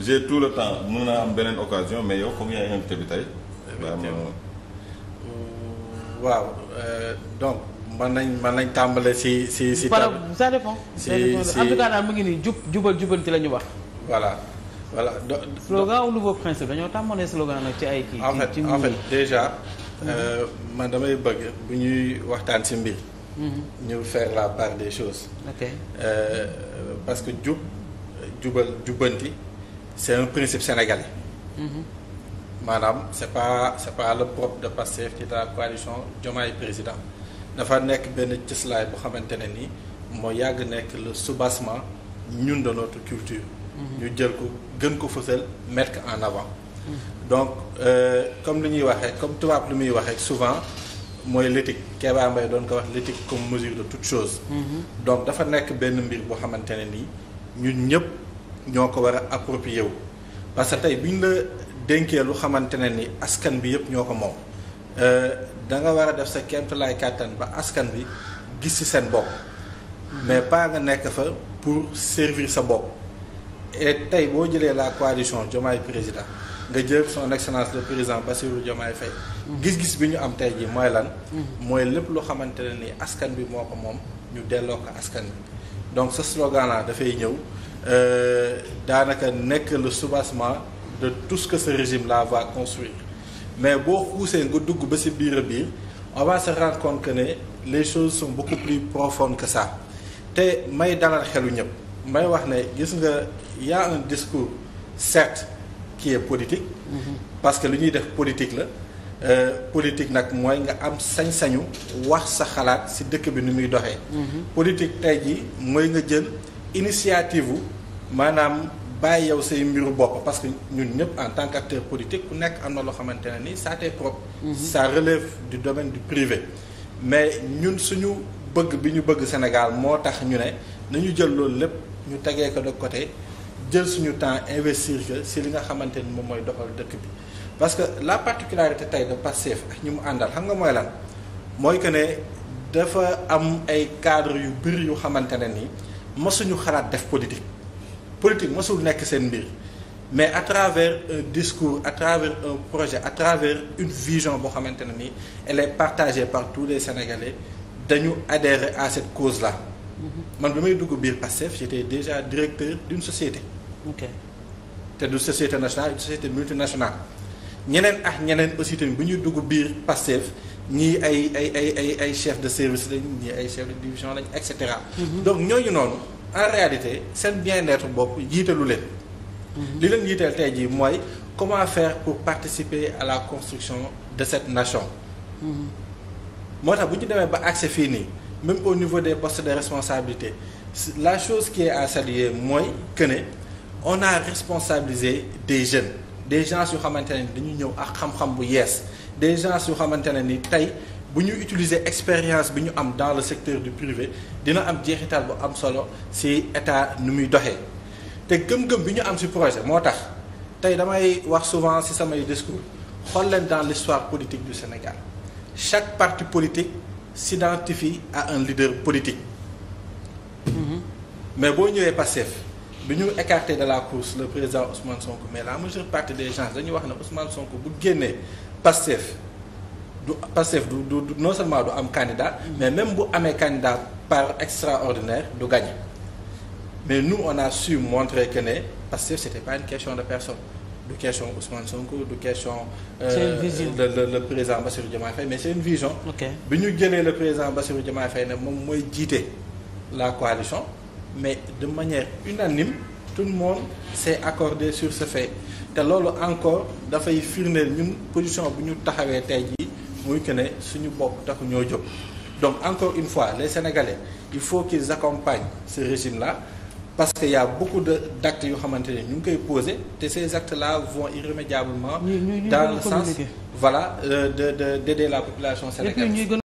j'ai tout le temps mun naa am beneen occasion mais yow comme yaay invité bi mm, waaw euh, donc mën nañ mën nañ tàmbale si si si. par ça dépend. si si en tout cas mu ngi nii jub jubal jubanti la ñu wax. voilà voilà. Do, slogan ou nouveau principe dañoo tàmbalee slogan nag ci ay. kii en fait en fait déjà. Mm-hmm. Euh, man damay bëgg bu ñuy waxtaan si mbir. Mm-hmm. ñu faire la part des choses. ok euh, que jub jubal jubanti. c'est un principe sénégalais. Mhm. maanaam c'est pas c'est pas le propre de Pastef ci la coalition Diomaye président dafa nekk benn cëslaay bu xamante ne ni moo yàgg nekk le soubassement ñun de notre culture. Mhm. ñu jël ko gën ko fësal mettre en avant. Mhm. donc euh, comme li ñuy waxee comme tubaab lu muy waxee souvent mooy l'éthique Kéba Mbaye doon ko wax l'éthique comme mesure de toute chose. donc dafa nekk benn mbir boo xamante ne ni ñun ñëpp. ñoo ko war a approprié wu parce que tey bi ñu la dénkee lu xamante ne ni askan bi yëpp ñoo ko moom euh, da nga war a def sa kéemtalaay kàttan ba askan bi gis ci seen bopp mais pas nga nekk fa pour servir sa bopp e tey boo jëlee la coalition Diomaye président nga jël son excellence de président Bassirou Diomaye Faye gis-gis bi ñu am tey ji mooy lan mooy lépp lu xamante ne ni askan bi moo ko moom ñu delloo ko askan bi donc ce slogan dafay ñëw Euh, daanaka nekk le soubassement de tout que ce régime là va construire mais boo xuusee nga dugg ba ci biir a biir on va se rendre que ne les choses sont beaucoup plus profondes que ça te may dalal xelu ñëpp may wax ne gis nga y a un discours certes qui est politique mm-hmm. parce que lu ñuy def politique la euh, politique nag mooy nga am sañ-sañu wax sa xalaat ci dëkk bi ni muy doxee mm-hmm. politique tey ji mooy nga jël initiative wu maanaam bàyyi yow say mbiru bopp parce que ñun ñëpp en tant qu'acteur politique ku nekk am na loo xamante ne ni ça t'est propre. Mhm. ça relève du domaine du privé. mais ñun suñu bëgg bi ñu bëgg Sénégal moo tax ñu ne nañu jël loolu lépp ñu tegee ko de côté jël suñu temps investir que si li nga xamante ni moom mooy doxal dëkk bi. parce que la particularité tey de Pastef ak ñu mu àndal xam nga mooy lan mooy que ne dafa am ay cadres yu bëri yu xamante ne nii. masuñu xalaat def politique politique masul nekk seen mbir mais à travers un discours à travers un projet à travers une vision boo xamante ne nii elle est partagée par tous les Sénégalais dañu adhérer à cette cause là mm-hmm. man bi may dugg biir Pastef j'étais déjà directeur d'une société ok te du société nationale une société multinationale ñeneen ak ñeneen aussi tamit bu ñuy dugg biir Pastef ñii ay ay ay ay ay chef de service lañ ñii ay chef de division lañ et cetera. Mhm. donc ñooñu noonu en réalité seen bien-être bopp jiitalu leen. Mhm. li leen jiital tey jii mooy comment faire pour participer à la construction de cette nation. Mhm. moo tax bu ñu demee ba accès fii nii même au niveau des postes de responsabilité la chose que est à saluer mooy que on a responsabilisé des jeunes des gens yu xamante ne dañu ñëw ak xam-xam bu yees. des gens yu xamante ne ni tey bu ñu utiliser expérience bi ñu am dans le secteur du privé dina am jeexital bu am solo ci état nu muy doxee te gëm-gëm bi ñu am ci projet moo tax tey damay wax souvent ci samay discours xool leen dans l'histoire politique du Sénégal chaque parti politique s'identifie à un leader politique mm-hmm. mais boo ñëwee Pastef bi ñu écarté de la course le président Ousmane Sonko mais la majeure parti des gens dañuy wax ne Ousmane Sonko bu génnee Pastef du Pastef du du non seulement du am candidat mm. mais même bu amee candidat par extraordinaire du gagné mais nous on a su montrer que ne Pastef c'était pas une question de personne du question Ousmane Sonko du question. Euh, c'est une vision le le président Bassirou Diomaye Faye mais c'est une vision. ok bi ñu jëlee le président Bassirou Diomaye fay ne moom mooy jiite la coalition mais de manière unanime. tout le monde s'est accordé sur ce fait te loolu encore dafay firndeel ñun position bu ñu taxawee tey jii muy que ne suñu bopp taxu ñoo jóg donc encore une fois les Sénégalais il faut qu'ils accompagnent ce régime la parce que y a beaucoup de d'actes yoo xamante ne ñu ngi koy poser te ces actes là vont irrémédiablement dans le sens voilà euh, de de d'aider la population sénégalaise